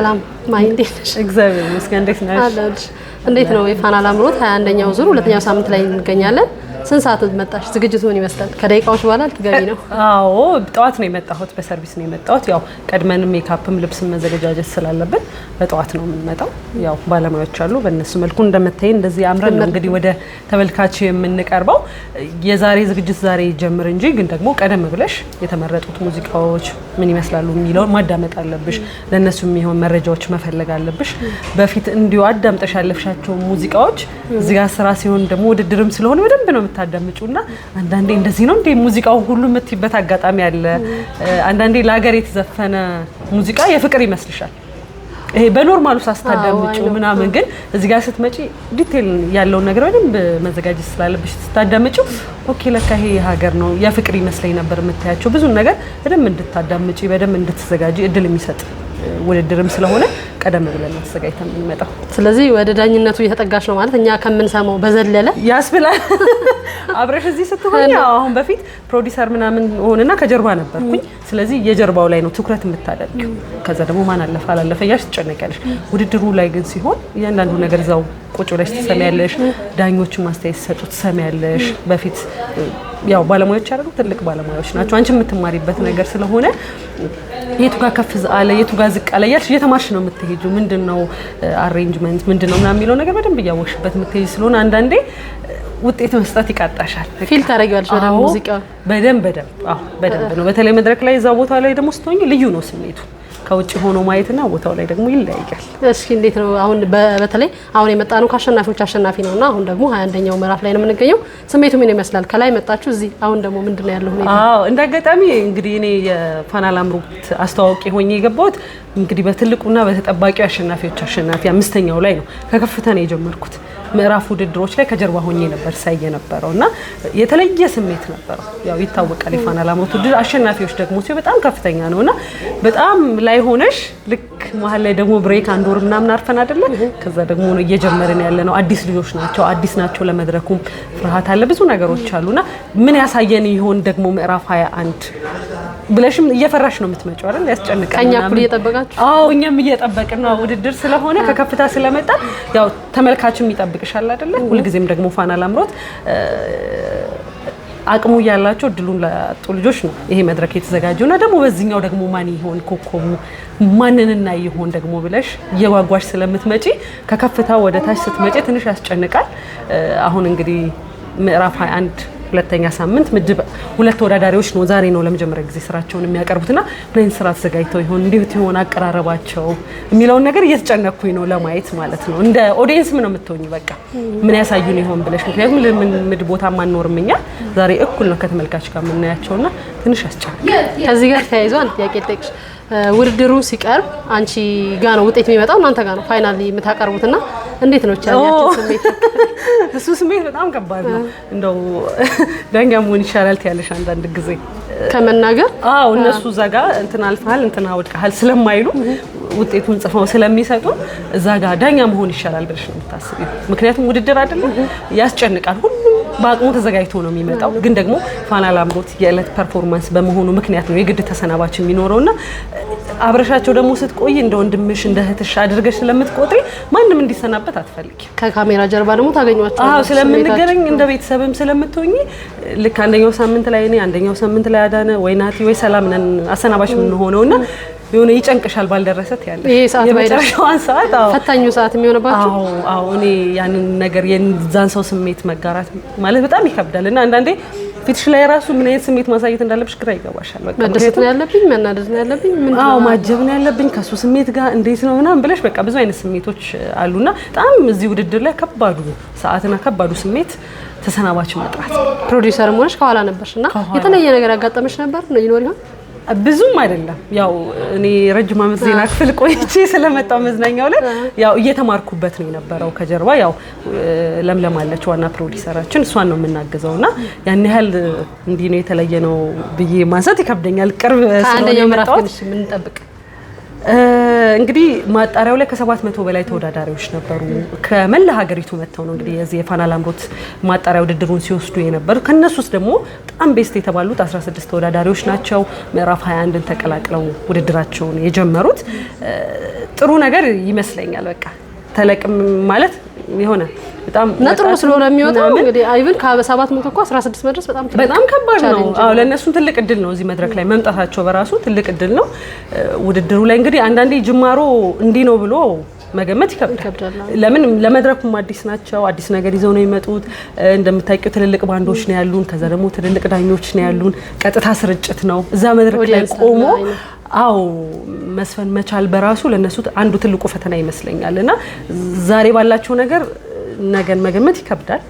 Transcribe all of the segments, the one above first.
ሰላም ማይ፣ እንዴት ነሽ? እግዚአብሔር ይመስገን። እንዴት ነሽ? እንዴት ነው የፋና ላምሮት 21ኛው ዙር ሁለተኛው ሳምንት ላይ እንገኛለን። ስንት ሰዓት መጣሽ? ዝግጅት ምን ይመስላል? ከደቂቃዎች በኋላ ልትገቢ ነው? አዎ ጠዋት ነው የመጣሁት። በሰርቪስ ነው የመጣሁት። ያው ቀድመን ሜካፕም ልብስ መዘገጃጀት ስላለብን በጠዋት ነው የምንመጣው። ያው ባለሙያዎች አሉ። በእነሱ መልኩ እንደምታይ እንደዚህ አምረን ነው እንግዲህ ወደ ተመልካች የምንቀርበው። የዛሬ ዝግጅት ዛሬ ጀምር እንጂ ግን ደግሞ ቀደም ብለሽ የተመረጡት ሙዚቃዎች ምን ይመስላሉ የሚለውን ማዳመጥ አለብሽ። ለእነሱ የሚሆን መረጃዎች መፈለግ አለብሽ። በፊት እንዲሁ አዳምጠሽ ያለፍሻቸው ሙዚቃዎች እዚጋ ስራ ሲሆን ደግሞ ውድድርም ስለሆነ በደንብ ነው ታዳምጩና አንዳንዴ እንደዚህ ነው እንዴ ሙዚቃው ሁሉ የምትይበት አጋጣሚ አለ። አንዳንዴ ለሀገር የተዘፈነ ሙዚቃ የፍቅር ይመስልሻል። ይሄ በኖርማሉ ሳስታዳምጩ ምናምን ግን እዚህ ጋር ስትመጪ ዲቴል ያለውን ነገር በደንብ መዘጋጀት ስላለብሽ ስታዳምጩ፣ ኦኬ ለካ ይሄ የሀገር ነው የፍቅር ይመስለኝ ነበር የምታያቸው ብዙ ነገር በደንብ እንድታዳምጪ በደንብ እንድትዘጋጂ እድል የሚሰጥ ውድድርም ስለሆነ ቀደም ብለን አዘጋጅተን የምንመጣው። ስለዚህ ወደ ዳኝነቱ እየተጠጋሽ ነው ማለት እኛ ከምንሰማው በዘለለ ያስብላል። አብረሽ እዚህ ስትሆን አሁን በፊት ፕሮዲሰር ምናምን ሆንና ከጀርባ ነበርኩኝ። ስለዚህ የጀርባው ላይ ነው ትኩረት የምታደርግ። ከዛ ደግሞ ማን አለፈ አላለፈ እያልሽ ትጨነቂያለሽ። ውድድሩ ላይ ግን ሲሆን እያንዳንዱ ነገር እዛው ቁጭ ብለሽ ትሰሚያለሽ። ዳኞችን ማስተያየት ሲሰጡ ትሰሚያለሽ። በፊት ያው ባለሙያዎች አይደሉ ትልቅ ባለሙያዎች ናቸው። አንቺ የምትማሪበት ነገር ስለሆነ የቱ ጋር ከፍ አለ የቱ ጋር ዝቅ አለ እያልሽ እየተማርሽ ነው የምትሄጁ። ምንድን ነው አሬንጅመንት uh, ምንድን ነው ምናምን የሚለው ነገር በደንብ እያወቅሽበት የምትሄጅ ስለሆነ አንዳንዴ ውጤት መስጠት ይቃጣሻል። ፊል ታደርጊዋለሽ በደንብ ሙዚቃ በደንብ በደንብ ነው። በተለይ መድረክ ላይ እዛ ቦታ ላይ ደግሞ ስትሆኝ ልዩ ነው ስሜቱ። ከውጭ ሆኖ ማየትና ቦታው ላይ ደግሞ ይለያያል። እሺ እንዴት ነው አሁን በተለይ አሁን የመጣ ነው ከአሸናፊዎች አሸናፊ ነውና አሁን ደግሞ 21ኛው ምዕራፍ ላይ ነው የምንገኘው። ስሜቱ ምን ይመስላል? ከላይ መጣችሁ እዚህ አሁን ደግሞ ምንድነው ያለው ሁኔታ? አዎ አጋጣሚ እንግዲህ እኔ የፋና ላምሮት አስተዋወቂ ሆኜ የገባሁት እንግዲህ በትልቁና በተጠባቂው አሸናፊዎች አሸናፊ አምስተኛው ላይ ነው። ከከፍታ ነው የጀመርኩት ምዕራፍ ውድድሮች ላይ ከጀርባ ሆኜ ነበር ሳይ የነበረው እና የተለየ ስሜት ነበረው። ያው ይታወቃል የፋና ላምሮት ውድድር አሸናፊዎች ደግሞ ሲሆን በጣም ከፍተኛ ነው እና በጣም ላይ ሆነሽ ልክ መሀል ላይ ደግሞ ብሬክ አንድ ወር ምናምን አርፈን አይደለ? ከዛ ደግሞ ነው እየጀመርን ያለ ነው። አዲስ ልጆች ናቸው፣ አዲስ ናቸው። ለመድረኩም ፍርሃት አለ፣ ብዙ ነገሮች አሉና ምን ያሳየን ይሆን ደግሞ ምዕራፍ 21 ብለሽም እየፈራሽ ነው የምትመጪው አይደል? ያስጨንቃል። ከኛ እኩል እየጠበቃችሁ? አዎ እኛም እየጠበቅን ነው። ውድድር ስለሆነ ከከፍታ ስለመጣ ያው ተመልካችም ይጠብቅሻል አይደለ? ሁልጊዜም ደግሞ ፋና ላምሮት አቅሙ እያላቸው እድሉን ላጡ ልጆች ነው ይሄ መድረክ የተዘጋጀው እና ደግሞ በዚህኛው ደግሞ ማን ይሆን ኮከቡ ማንንና ይሆን ደግሞ ብለሽ እየጓጓሽ ስለምትመጪ ከከፍታ ወደ ታች ስትመጪ ትንሽ ያስጨንቃል። አሁን እንግዲህ ምዕራፍ 21 ሁለተኛ ሳምንት ምድብ ሁለት ተወዳዳሪዎች ነው ዛሬ ነው ለመጀመሪያ ጊዜ ስራቸውን የሚያቀርቡትና ምን አይነት ስራ አዘጋጅተው ይሆን እንዴት ይሆን አቀራረባቸው የሚለውን ነገር እየተጨነኩኝ ነው ለማየት ማለት ነው። እንደ ኦዲየንስ ምን ነው የምትሆኝ በቃ ምን ያሳዩን ይሆን ብለሽ ምክንያቱም ለምን ምድብ ቦታ ማንኖርም እኛ ዛሬ እኩል ነው ከተመልካች ጋር የምናያቸውና ትንሽ ያስጨንቅ ከዚህ ጋር ተያይዞ አንድ ጥያቄ ልጠይቅሽ ውድድሩ ሲቀርብ አንቺ ጋ ነው ውጤት የሚመጣው፣ እናንተ ጋ ነው ፋይናል የምታቀርቡትና እንዴት ነው ቻ ስሜት? እሱ ስሜት በጣም ከባድ ነው። እንደው ዳኛ መሆን ይሻላል ትያለሽ አንዳንድ ጊዜ ከመናገር። አዎ እነሱ እዛ ጋ እንትን አልፈሃል እንትና ወድቀሃል ስለማይሉ ውጤቱን ጽፈው ስለሚሰጡ እዛ ጋ ዳኛ መሆን ይሻላል ብለሽ ነው የምታስቢው። ምክንያቱም ውድድር አይደለም ያስጨንቃል ሁሉ በአቅሙ ተዘጋጅቶ ነው የሚመጣው። ግን ደግሞ ፋና ላምሮት የዕለት ፐርፎርማንስ በመሆኑ ምክንያት ነው የግድ ተሰናባች እና አብረሻቸው ደግሞ ስትቆይ እንደ ወንድምሽ እንደ እህትሽ አድርገሽ ስለምትቆጥሪ ማንም እንዲሰናበት አትፈልጊ። ከካሜራ ጀርባ ደግሞ ታገኟቸው። አዎ ስለምንገናኝ እንደ ቤተሰብም ስለምትሆኝ ልክ አንደኛው ሳምንት ላይ እኔ አንደኛው ሳምንት ላይ አዳነ ወይ ናቲ ወይ ሰላም ነን አሰናባች የምንሆነውና የሆነ ይጨንቅሻል ባልደረሰት ያለ የመጨረሻዋን ሰዓት ፈታኙ ሰዓት የሚሆንባቸው። አዎ እኔ ያንን ነገር የዛን ሰው ስሜት መጋራት ማለት በጣም ይከብዳል እና አንዳንዴ ፊትሽ ላይ ራሱ ምን አይነት ስሜት ማሳየት እንዳለብሽ ግራ ይገባሻል። መደሰት ነው ያለብኝ፣ መናደድ ነው ያለብኝ፣ አዎ ማጀብ ነው ያለብኝ፣ ከሱ ስሜት ጋር እንዴት ነው ምናምን ብለሽ በቃ ብዙ አይነት ስሜቶች አሉና በጣም እዚህ ውድድር ላይ ከባዱ ሰዓትና ከባዱ ስሜት ተሰናባች መጥራት። ፕሮዲውሰር መሆንሽ ከኋላ ነበርሽ እና የተለየ ነገር ያጋጠመሽ ነበር ይኖር ይሆን? ብዙም አይደለም ያው እኔ ረጅም ዓመት ዜና ክፍል ቆይቼ ስለመጣው መዝናኛው ላይ ያው እየተማርኩበት ነው የነበረው። ከጀርባ ያው ለምለም አለች ዋና ፕሮዲሰራችን፣ እሷን ነው የምናግዘው እና ያን ያህል እንዲህ ነው የተለየ ነው ብዬ ማንሳት ይከብደኛል። ቅርብ ስለሆነ የምንጠብቅ እንግዲህ ማጣሪያው ላይ ከሰባት መቶ በላይ ተወዳዳሪዎች ነበሩ። ከመላ ሀገሪቱ መጥተው ነው እንግዲህ የዚህ የፋና ላምሮት ማጣሪያ ውድድሩን ሲወስዱ የነበሩ። ከእነሱ ውስጥ ደግሞ በጣም ቤስት የተባሉት 16 ተወዳዳሪዎች ናቸው ምዕራፍ 21ን ተቀላቅለው ውድድራቸውን የጀመሩት። ጥሩ ነገር ይመስለኛል። በቃ ተለቅም ማለት ይሆናል። በጣም ነጥሩ ስለሆነ የሚወጣው እንግዲህ አይብን ከሰባት መቶ እኮ 16 መድረስ በጣም በጣም ከባድ ነው። አዎ ለእነሱም ትልቅ እድል ነው። እዚህ መድረክ ላይ መምጣታቸው በራሱ ትልቅ እድል ነው። ውድድሩ ላይ እንግዲህ አንዳንዴ ጅማሮ እንዲህ ነው ብሎ መገመት ይከብዳል። ለምን ለመድረኩም አዲስ ናቸው። አዲስ ነገር ይዘው ነው የመጡት። እንደምታውቂው ትልልቅ ባንዶች ነው ያሉን፣ ከዛ ደግሞ ትልልቅ ዳኞች ነው ያሉን። ቀጥታ ስርጭት ነው። እዛ መድረክ ላይ ቆሞ አዎ መስፈን መቻል በራሱ ለነሱ አንዱ ትልቁ ፈተና ይመስለኛል እና ዛሬ ባላቸው ነገር ነገን መገመት ይከብዳል።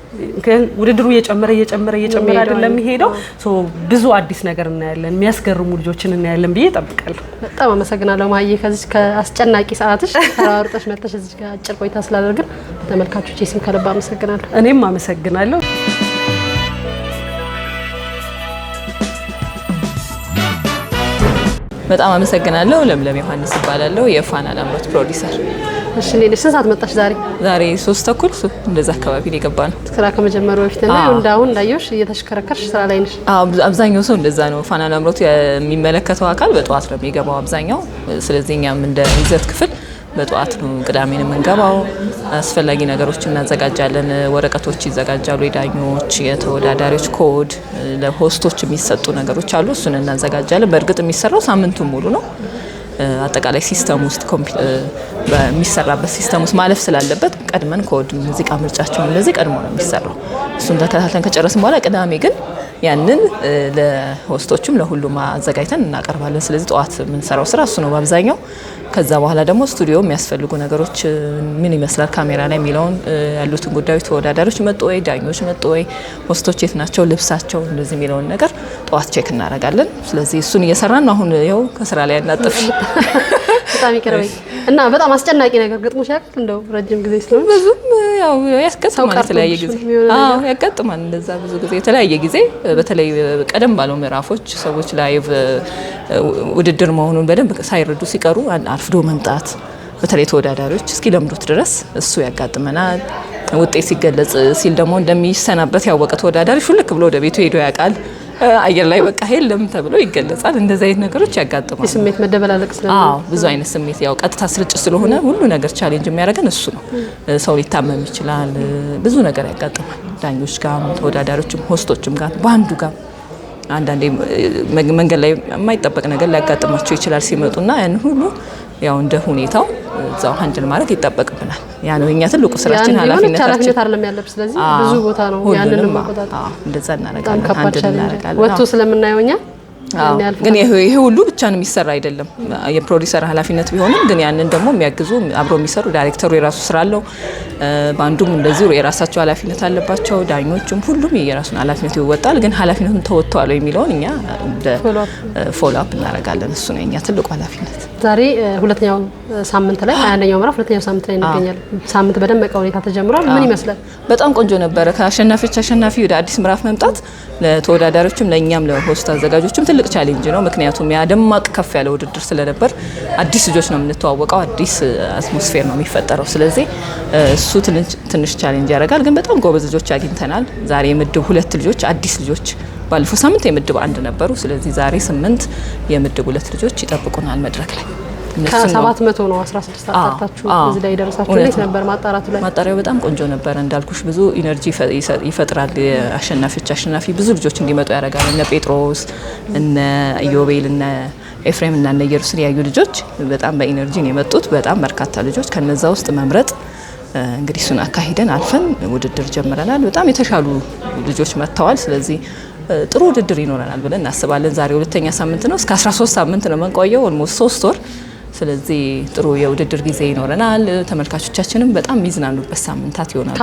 ውድድሩ እየጨመረ እየጨመረ እየጨመረ አይደለም የሚሄደው። ብዙ አዲስ ነገር እናያለን፣ የሚያስገርሙ ልጆችን እናያለን ብዬ እጠብቃለሁ። በጣም አመሰግናለሁ ማየ ከዚች ከአስጨናቂ ሰዓትሽ ተራርጠሽ መጥተሽ እዚህ ጋር አጭር ቆይታ ስላደረግን ተመልካቾች ስም ከልብ አመሰግናለሁ። እኔም አመሰግናለሁ። በጣም አመሰግናለሁ። ለምለም ዮሐንስ እባላለሁ የፋና ላምሮት ፕሮዲሰር። እሺ እንዴ ነሽ? ስንት ሰዓት መጣሽ ዛሬ? ዛሬ ሶስት ተኩል እንደዛ አካባቢ ላይ ገባ ነው። ስራ ከመጀመሩ በፊት እና እንዳሁን እንዳየሽ እየተሽከረከርሽ ስራ ላይ ነሽ? አብዛኛው ሰው እንደዛ ነው። ፋና ላምሮት የሚመለከተው አካል በጠዋት ነው የሚገባው አብዛኛው። ስለዚህ እኛም እንደ ይዘት ክፍል በጠዋት ነው ቅዳሜን የምንገባው። አስፈላጊ ነገሮች እናዘጋጃለን። ወረቀቶች ይዘጋጃሉ። የዳኞች፣ የተወዳዳሪዎች ኮድ፣ ለሆስቶች የሚሰጡ ነገሮች አሉ። እሱን እናዘጋጃለን። በእርግጥ የሚሰራው ሳምንቱን ሙሉ ነው። አጠቃላይ ሲስተም ውስጥ በሚሰራበት ሲስተም ውስጥ ማለፍ ስላለበት ቀድመን ኮድ፣ ሙዚቃ ምርጫቸው እንደዚህ ቀድሞ ነው የሚሰራው። እሱን ተከታተን ከጨረስን በኋላ ቅዳሜ ግን ያንን ለሆስቶችም ለሁሉም አዘጋጅተን እናቀርባለን። ስለዚህ ጠዋት የምንሰራው ስራ እሱ ነው በአብዛኛው። ከዛ በኋላ ደግሞ ስቱዲዮ የሚያስፈልጉ ነገሮች ምን ይመስላል ካሜራ ላይ የሚለውን ያሉትን ጉዳዮች ተወዳዳሪዎች መጡ ወይ፣ ዳኞች መጡ ወይ፣ ሆስቶች የት ናቸው፣ ልብሳቸው እንደዚህ የሚለውን ነገር ጠዋት ቼክ እናደርጋለን። ስለዚህ እሱን እየሰራን ነው። አሁን ይኸው ከስራ ላይ ያናጥፍ በጣም ይቀርበኝ እና በጣም አስጨናቂ ነገር ገጥሞሽ ያውቃል? እንደው ረጅም ጊዜ ስለሆነ ብዙም ያው ያስቀጥማል፣ የተለያየ ጊዜ አዎ ያጋጥማል። እንደዛ ብዙ ጊዜ የተለያየ ጊዜ በተለይ ቀደም ባለው ምዕራፎች ሰዎች ላይቭ ውድድር መሆኑን በደንብ ሳይረዱ ሲቀሩ አርፍዶ መምጣት በተለይ ተወዳዳሪዎች እስኪለምዱት ድረስ እሱ ያጋጥመናል። ውጤት ሲገለጽ ሲል ደግሞ እንደሚሰናበት ያወቀ ተወዳዳሪ ሹልክ ብሎ ወደ ቤቱ ሄዶ ያውቃል። አየር ላይ በቃ የለም ተብሎ ይገለጻል። እንደዚህ አይነት ነገሮች ያጋጥማል። ስሜት መደበላለቅ ስለ ብዙ አይነት ስሜት ያው ቀጥታ ስርጭት ስለሆነ ሁሉ ነገር ቻሌንጅ የሚያደርገን እሱ ነው። ሰው ሊታመም ይችላል። ብዙ ነገር ያጋጥማል። ዳኞች ጋር፣ ተወዳዳሪዎችም፣ ሆስቶችም ጋር በአንዱ ጋር አንዳንዴ መንገድ ላይ የማይጠበቅ ነገር ሊያጋጥማቸው ይችላል ሲመጡና ያን ሁሉ ያው እንደ ሁኔታው እዛው ሀንድል ማለት ይጠበቅብናል። ያ ነው የኛ ትልቁ ስራችን፣ ኃላፊነት አይደለም ያለብን። ስለዚህ ብዙ ቦታ ነው ያንንም መቆጣጠር፣ እንደዛ እናደርጋለን፣ ሀንድል እናደርጋለን። ወጥቶ ስለምናየው እኛ ግን ይሄ ሁሉ ብቻ ነው የሚሰራ አይደለም። የፕሮዲሰር ኃላፊነት ቢሆንም ግን ያንን ደግሞ የሚያግዙ አብሮ የሚሰሩ ዳይሬክተሩ የራሱ ስራ አለው። በአንዱም እንደዚሁ የራሳቸው ኃላፊነት አለባቸው። ዳኞቹም ሁሉም የራሱን ኃላፊነት ይወጣል። ግን ኃላፊነቱን ተወጥቷል የሚለውን እኛ ፎሎ አፕ እናደርጋለን። እሱ ነው የኛ ትልቁ ኃላፊነት። ዛሬ ሁለተኛው ሳምንት ላይ አንደኛው ምዕራፍ ሁለተኛው ሳምንት ላይ እንገኛለን። ሳምንት በደመቀ ሁኔታ ተጀምሯል። ምን ይመስላል? በጣም ቆንጆ ነበረ። ከአሸናፊዎች አሸናፊ ወደ አዲስ ምዕራፍ መምጣት ለተወዳዳሪዎችም ለእኛም ለሆስት አዘጋጆችም ትልቅ ቻሌንጅ ነው። ምክንያቱም ያ ደማቅ ከፍ ያለ ውድድር ስለነበር አዲስ ልጆች ነው የምንተዋወቀው፣ አዲስ አትሞስፌር ነው የሚፈጠረው። ስለዚህ እሱ ትንሽ ቻሌንጅ ያደርጋል። ግን በጣም ጎበዝ ልጆች አግኝተናል። ዛሬ የምድብ ሁለት ልጆች አዲስ ልጆች ባለፈው ሳምንት የምድብ አንድ ነበሩ። ስለዚህ ዛሬ ስምንት የምድብ ሁለት ልጆች ይጠብቁናል መድረክ ላይ ከሰባት መቶ ነው 16 አካታችሁ እዚህ ላይ የደረሳችሁ። እንዴት ነበር ማጣራቱ ላይ? ማጣሪያው በጣም ቆንጆ ነበረ እንዳልኩሽ ብዙ ኢነርጂ ይፈጥራል። አሸናፊዎች አሸናፊ ብዙ ልጆች እንዲመጡ ያደርጋል። እነ ጴጥሮስ እነ ኢዮቤል እነ ኤፍሬም እና እነ ኢየሩሳሌም ያዩ ልጆች በጣም በኢነርጂ ነው የመጡት። በጣም በርካታ ልጆች ከነዛ ውስጥ መምረጥ እንግዲህ እሱን አካሂደን አልፈን ውድድር ጀምረናል። በጣም የተሻሉ ልጆች መጥተዋል። ስለዚህ ጥሩ ውድድር ይኖረናል ብለን እናስባለን። ዛሬ ሁለተኛ ሳምንት ነው። እስከ 13 ሳምንት ነው የምንቆየው ኦልሞስት ሶስት ወር ስለዚህ ጥሩ የውድድር ጊዜ ይኖረናል። ተመልካቾቻችንም በጣም የሚዝናኑበት ሳምንታት ይሆናል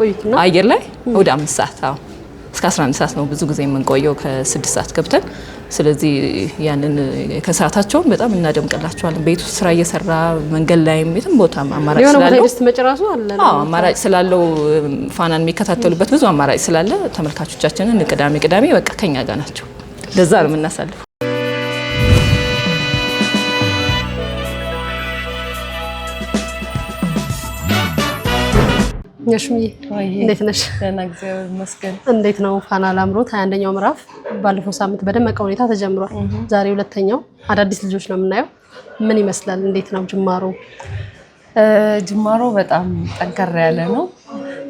ብዬ አየር ላይ ወደ አምስት ሰዓት አዎ እስከ 11 ሰዓት ነው ብዙ ጊዜ የምንቆየው ከስድስት ሰዓት ገብተን። ስለዚህ ያንን ከሰዓታቸውን በጣም እናደምቅላቸዋለን። ቤቱ ስራ እየሰራ መንገድ ላይም የትም ቦታ አማራጭ ስላለው አማራጭ ስላለው ፋናን የሚከታተሉበት ብዙ አማራጭ ስላለ ተመልካቾቻችንን ቅዳሜ ቅዳሜ በቃ ከኛ ጋር ናቸው። ለዛ ነው የምናሳልፈው። ያሽሚዬ እንዴት ነሽ? ደህና እግዚአብሔር ይመስገን። እንዴት ነው ፋና ላምሮት ሀያ አንደኛው ምዕራፍ ባለፈው ሳምንት በደመቀ ሁኔታ ተጀምሯል። ዛሬ ሁለተኛው አዳዲስ ልጆች ነው የምናየው። ምን ይመስላል? እንዴት ነው ጅማሮ? ጅማሮ በጣም ጠንከር ያለ ነው።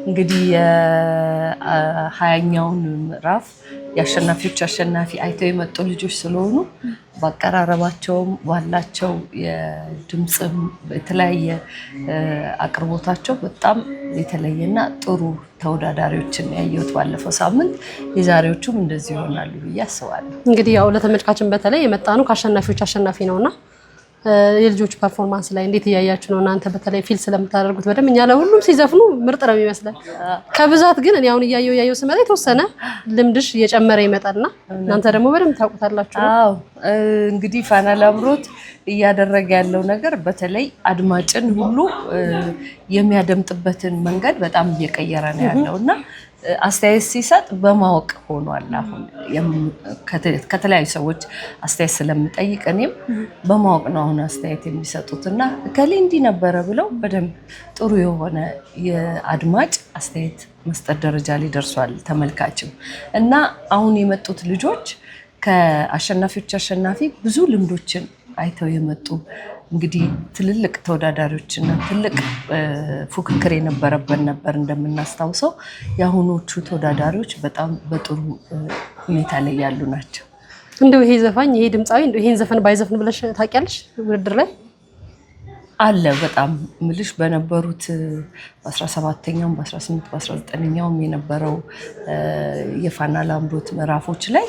እንግዲህ የሀያኛውን ምዕራፍ የአሸናፊዎች አሸናፊ አይተው የመጡ ልጆች ስለሆኑ በአቀራረባቸውም ባላቸው የድምፅም የተለያየ አቅርቦታቸው በጣም የተለየና ጥሩ ተወዳዳሪዎችን ያየሁት ባለፈው ሳምንት። የዛሬዎቹም እንደዚህ ይሆናሉ ብዬ አስባለሁ። እንግዲህ ያው ለተመልካችን በተለይ የመጣ ነው ከአሸናፊዎች አሸናፊ ነውና የልጆች ፐርፎርማንስ ላይ እንዴት እያያችሁ ነው እናንተ? በተለይ ፊል ስለምታደርጉት በደንብ እኛ ለሁሉም ሲዘፍኑ ምርጥ ነው ይመስላል። ከብዛት ግን እኔ አሁን እያየው እያየሁ ስመጣ የተወሰነ ልምድሽ እየጨመረ ይመጣልና እናንተ ደግሞ በደንብ ታውቁታላችሁ። አዎ እንግዲህ ፋና ላምሮት እያደረገ ያለው ነገር በተለይ አድማጭን ሁሉ የሚያደምጥበትን መንገድ በጣም እየቀየረ ነው ያለው እና አስተያየት ሲሰጥ በማወቅ ሆኗል። አሁን ከተለያዩ ሰዎች አስተያየት ስለምጠይቅ እኔም በማወቅ ነው አሁን አስተያየት የሚሰጡት እና ከሌ እንዲህ ነበረ ብለው በደንብ ጥሩ የሆነ የአድማጭ አስተያየት መስጠት ደረጃ ላይ ደርሷል ተመልካችም እና አሁን የመጡት ልጆች ከአሸናፊዎች አሸናፊ ብዙ ልምዶችን አይተው የመጡ እንግዲህ ትልልቅ ተወዳዳሪዎችና ትልቅ ፉክክር የነበረበት ነበር። እንደምናስታውሰው የአሁኖቹ ተወዳዳሪዎች በጣም በጥሩ ሁኔታ ላይ ያሉ ናቸው። እንደው ይሄ ዘፋኝ ይሄ ድምፃዊ እንደው ይሄን ዘፈን ባይዘፍን ብለሽ ታውቂያለሽ? ውድድር ላይ አለ በጣም ምልሽ በነበሩት በ17ኛውም በ18 በ19ኛውም የነበረው የፋና ላምሮት ምዕራፎች ላይ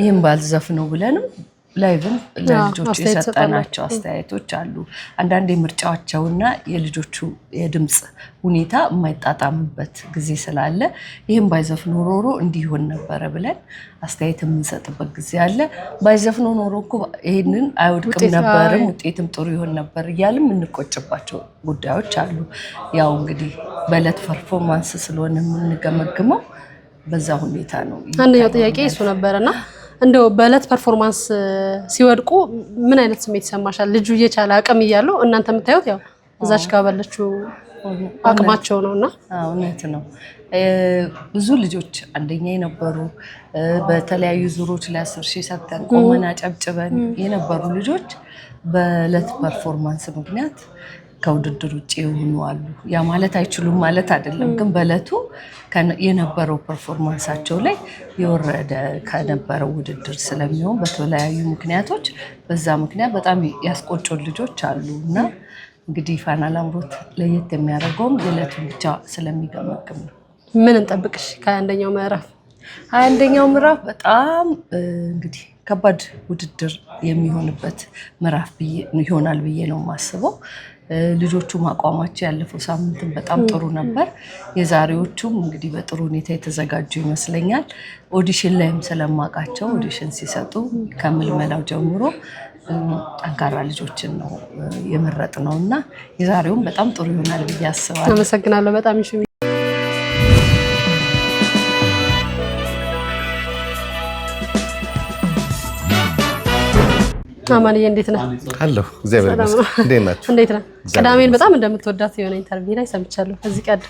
ይህም ባልዘፍነው ብለንም ላይቭን ለልጆቹ የሰጠናቸው አስተያየቶች አሉ። አንዳንዴ ምርጫቸውና የልጆቹ የድምፅ ሁኔታ የማይጣጣምበት ጊዜ ስላለ ይህም ባይዘፍኖ ኖሮ እንዲህ ይሆን ነበረ ብለን አስተያየት የምንሰጥበት ጊዜ አለ። ባይዘፍኖ ኖሮ እኮ ይህንን አይወድቅም ነበርም ውጤትም ጥሩ ይሆን ነበር እያልም የምንቆጭባቸው ጉዳዮች አሉ። ያው እንግዲህ በዕለት ፐርፎርማንስ ስለሆነ የምንገመግመው በዛ ሁኔታ ነው። አንደኛው ጥያቄ እሱ ነበረና እንደው በእለት ፐርፎርማንስ ሲወድቁ ምን አይነት ስሜት ይሰማሻል? ልጁ እየቻለ አቅም እያለው እናንተ የምታዩት ያው እዛች ጋር ባለችው አቅማቸው ነው እና እውነት ነው። ብዙ ልጆች አንደኛ የነበሩ በተለያዩ ዙሮች ላይ አስር ሺህ ሰጥተን ቆመን አጨብጭበን የነበሩ ልጆች በእለት ፐርፎርማንስ ምክንያት ከውድድር ውጭ የሆኑ አሉ። ያ ማለት አይችሉም ማለት አይደለም፣ ግን በእለቱ የነበረው ፐርፎርማንሳቸው ላይ የወረደ ከነበረው ውድድር ስለሚሆን በተለያዩ ምክንያቶች በዛ ምክንያት በጣም ያስቆጮን ልጆች አሉ እና እንግዲህ ፋና ላምሮት ለየት የሚያደርገውም የዕለቱን ብቻ ስለሚገመግም ነው። ምን እንጠብቅሽ ከአንደኛው ምዕራፍ? አንደኛው ምዕራፍ በጣም እንግዲህ ከባድ ውድድር የሚሆንበት ምዕራፍ ይሆናል ብዬ ነው የማስበው። ልጆቹም አቋማቸው ያለፈው ሳምንትም በጣም ጥሩ ነበር። የዛሬዎቹም እንግዲህ በጥሩ ሁኔታ የተዘጋጁ ይመስለኛል። ኦዲሽን ላይም ስለማውቃቸው ኦዲሽን ሲሰጡ ከምልመላው ጀምሮ ጠንካራ ልጆችን ነው የመረጥ ነው እና የዛሬውም በጣም ጥሩ ይሆናል ብዬ አስባለሁ። አመሰግናለሁ በጣም አማንዬ እንዴት ነህ? አለሁ እግዚአብሔር ይመስገን። እንዴት ናችሁ? እንዴት ነህ? ቅዳሜን በጣም እንደምትወዳት የሆነ ኢንተርቪው ላይ ሰምቻለሁ። እዚህ ቀድ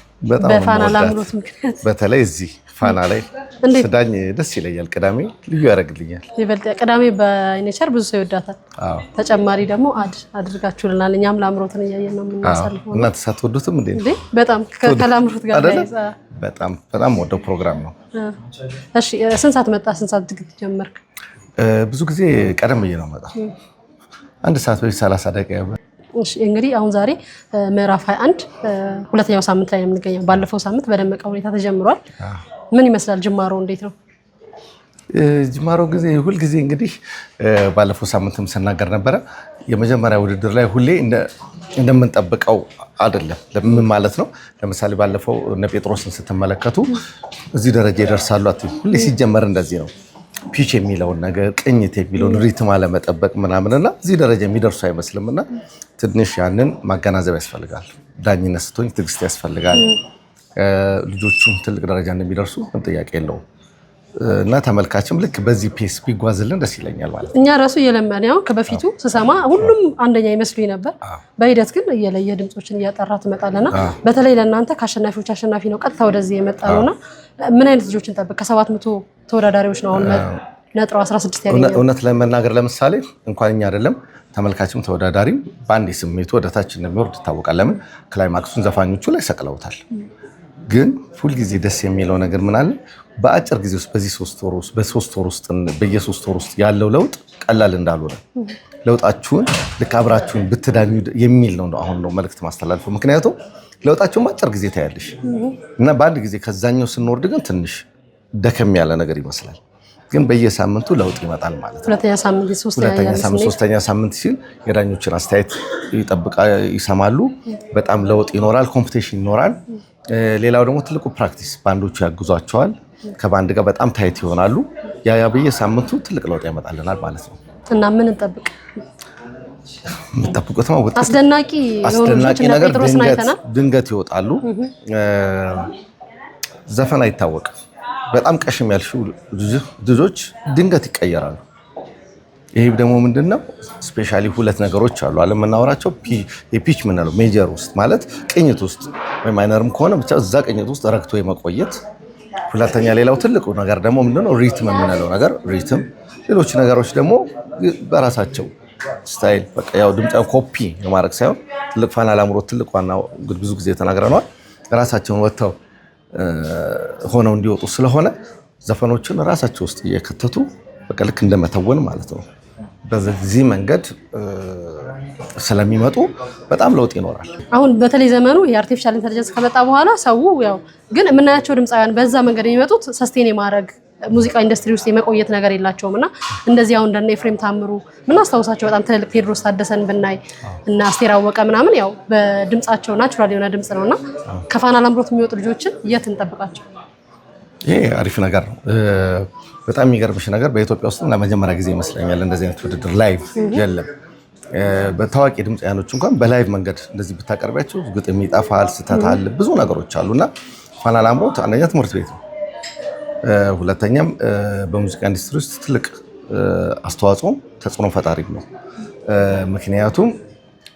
በፋና ላምሮት ምክንያት በተለይ እዚህ ፋና ላይ ስዳኝ ደስ ይለኛል። ቅዳሜ ልዩ ያደርግልኛል። ይበልጥ ቅዳሜ በኔቸር ብዙ ሰው ይወዳታል። ተጨማሪ ደግሞ አድ አድርጋችሁልናል። እኛም ላምሮትን እያየን ነው የምናሳልፈው። እናንተ ሳትወዱትም እንዴ? በጣም ከላምሮት ጋር በጣም በጣም ወደው ፕሮግራም ነው። እሺ ስንት ሰዓት መጣ? ስንት ሰዓት ዝግጅት ጀመርክ? ብዙ ጊዜ ቀደም ብዬ ነው መጣ አንድ ሰዓት በፊት ሰላሳ ደቂቃ እንግዲህ አሁን ዛሬ ምዕራፍ 21 ሁለተኛው ሳምንት ላይ የምንገኘው ባለፈው ሳምንት በደመቀ ሁኔታ ተጀምሯል። ምን ይመስላል ጅማሮ? እንዴት ነው ጅማሮ? ጊዜ ሁልጊዜ እንግዲህ ባለፈው ሳምንትም ስናገር ነበረ የመጀመሪያ ውድድር ላይ ሁሌ እንደምንጠብቀው አይደለም። ለምን ማለት ነው? ለምሳሌ ባለፈው እነ ጴጥሮስን ስትመለከቱ እዚህ ደረጃ ይደርሳሉ። ሁሌ ሲጀመር እንደዚህ ነው ፒች የሚለውን ነገር ቅኝት የሚለውን ሪትም አለመጠበቅ ምናምንና እዚህ ደረጃ የሚደርሱ አይመስልምና ትንሽ ያንን ማገናዘብ ያስፈልጋል። ዳኝነት ስትሆኝ ትግስት ያስፈልጋል። ልጆቹም ትልቅ ደረጃ እንደሚደርሱ ምን ጥያቄ የለውም። እና ተመልካችም ልክ በዚህ ፔስ ቢጓዝልን ደስ ይለኛል ማለት እኛ ራሱ እየለመን ያው ከበፊቱ ስሰማ ሁሉም አንደኛ ይመስሉኝ ነበር። በሂደት ግን እየለየ ድምፆችን እያጠራ ትመጣለና በተለይ ለእናንተ ከአሸናፊዎች አሸናፊ ነው ቀጥታ ወደዚህ የመጣ ነውና ምን አይነት ልጆችን ጠብቅ? ከሰባት መቶ ተወዳዳሪዎች ነው አሁን ነጥረው 16 ያገኛል። እውነት ለመናገር ለምሳሌ እንኳን እኛ አይደለም ተመልካችም ተወዳዳሪም በአንድ ስሜቱ ወደታች እንደሚወርድ ይታወቃል። ለምን ክላይማክሱን ዘፋኞቹ ላይ ሰቅለውታል። ግን ሁልጊዜ ደስ የሚለው ነገር ምናለ በአጭር ጊዜ ውስጥ በዚህ ሶስት ወር ውስጥ በሶስት ወር ውስጥ በየሶስት ወር ውስጥ ያለው ለውጥ ቀላል እንዳልሆነ ለውጣችሁን ልክ አብራችሁን ብትዳኙ የሚል ነው። አሁን ነው መልእክት ማስተላልፈው። ምክንያቱም ለውጣችሁን በአጭር ጊዜ ታያለሽ እና በአንድ ጊዜ ከዛኛው ስንወርድ ግን ትንሽ ደከም ያለ ነገር ይመስላል። ግን በየሳምንቱ ለውጥ ይመጣል ማለት ነው። ሁለተኛ ሳምንት፣ ሶስተኛ ሳምንት ሲል የዳኞችን አስተያየት ይጠብቃ ይሰማሉ። በጣም ለውጥ ይኖራል፣ ኮምፒቴሽን ይኖራል። ሌላው ደግሞ ትልቁ ፕራክቲስ ባንዶቹ ያግዟቸዋል። ከባንድ ጋር በጣም ታይት ይሆናሉ። ያ ያ በየሳምንቱ ትልቅ ለውጥ ያመጣልናል ማለት ነው እና ምን እንጠብቅ የምጠብቁት ነው አስደናቂ ነገር ድንገት ይወጣሉ። ዘፈን አይታወቅም። በጣም ቀሽም ያልሽው ልጆች ድንገት ይቀየራሉ። ይህ ደግሞ ምንድነው ስፔሻሊ ሁለት ነገሮች አሉ አለ የምናወራቸው የፒች የምንለው ሜጀር ውስጥ ማለት ቅኝት ውስጥ ወይ ማይነርም ከሆነ ብቻ እዛ ቅኝት ውስጥ ረግቶ የመቆየት ሁለተኛ፣ ሌላው ትልቁ ነገር ደግሞ ምንድነው ሪትም የምንለው ነገር ሪትም። ሌሎች ነገሮች ደግሞ በራሳቸው ስታይል በቃ ያው ድምፅ ኮፒ የማድረግ ሳይሆን ትልቅ ፋና ላምሮት ትልቅ ዋና ብዙ ጊዜ ተናግረነዋል። ራሳቸውን ወጥተው ሆነው እንዲወጡ ስለሆነ ዘፈኖችን ራሳቸው ውስጥ እየከተቱ በቃ ልክ እንደመተወን ማለት ነው። በዚህ መንገድ ስለሚመጡ በጣም ለውጥ ይኖራል። አሁን በተለይ ዘመኑ የአርቲፊሻል ኢንተልጀንስ ከመጣ በኋላ ሰው ያው ግን የምናያቸው ድምፃውያን በዛ መንገድ የሚመጡት ሰስቴን የማድረግ ሙዚቃ ኢንዱስትሪ ውስጥ የመቆየት ነገር የላቸውም እና እንደዚህ አሁን እንደ ኤፍሬም ታምሩ ምናስታውሳቸው በጣም ትልልቅ ቴድሮስ ታደሰን ብናይ እና አስቴር አወቀ ምናምን ያው በድምጻቸው ናቹራል የሆነ ድምጽ ነው እና ከፋና ላምሮት የሚወጡ ልጆችን የት እንጠብቃቸው? ይሄ አሪፍ ነገር ነው። በጣም የሚገርምሽ ነገር በኢትዮጵያ ውስጥ ለመጀመሪያ ጊዜ ይመስለኛል እንደዚህ አይነት ውድድር ላይቭ የለም። በታዋቂ ድምፃያኖች እንኳን በላይቭ መንገድ እንደዚህ ብታቀርቢያቸው ግጥም ይጠፋል፣ ስህተት አለ፣ ብዙ ነገሮች አሉና ፋና ላምሮት አንደኛ ትምህርት ቤት ነው ሁለተኛም በሙዚቃ ኢንዱስትሪ ውስጥ ትልቅ አስተዋጽኦ ተጽዕኖ ፈጣሪም ነው። ምክንያቱም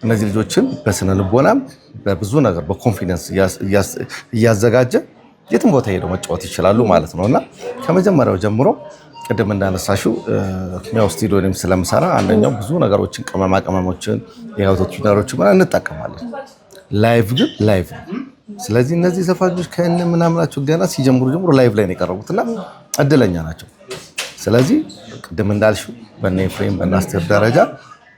እነዚህ ልጆችን በስነ ልቦናም በብዙ ነገር በኮንፊደንስ እያዘጋጀ የትም ቦታ ሄደው መጫወት ይችላሉ ማለት ነው እና ከመጀመሪያው ጀምሮ ቅድም እንዳነሳሽው ሚያው ስቱዲዮም ስለምሰራ አንደኛው ብዙ ነገሮችን ቅመማ ቅመሞችን የህይወቶች ነገሮችን እንጠቀማለን። ላይቭ ግን ላይቭ ነው ስለዚህ እነዚህ ዘፋኞች ከእነ ምናምናቸው ገና ሲጀምሩ ጀምሮ ላይቭ ላይ ነው የቀረቡት እና እድለኛ ናቸው። ስለዚህ ቅድም እንዳልሽው በእነ ኤፍሬም በእነ አስቴር ደረጃ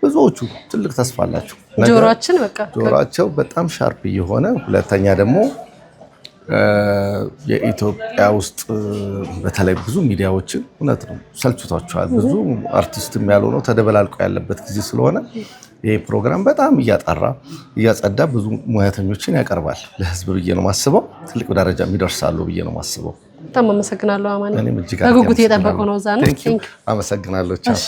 ብዙዎቹ ትልቅ ተስፋ አላቸው። ጆሮአችን በቃ ጆሮአቸው በጣም ሻርፕ እየሆነ ሁለተኛ ደግሞ የኢትዮጵያ ውስጥ በተለይ ብዙ ሚዲያዎችን እውነት ነው ሰልችቷቸዋል። ብዙ አርቲስትም ያልሆነው ተደበላልቆ ያለበት ጊዜ ስለሆነ ይህ ፕሮግራም በጣም እያጠራ እያጸዳ ብዙ ሙያተኞችን ያቀርባል ለህዝብ ብዬ ነው ማስበው። ትልቅ ደረጃ ይደርሳሉ ብዬ ነው ማስበው። በጣም አመሰግናለሁ። አማን በጉጉት እየጠበቁ ነው። እዛ ነው። አመሰግናለሁ።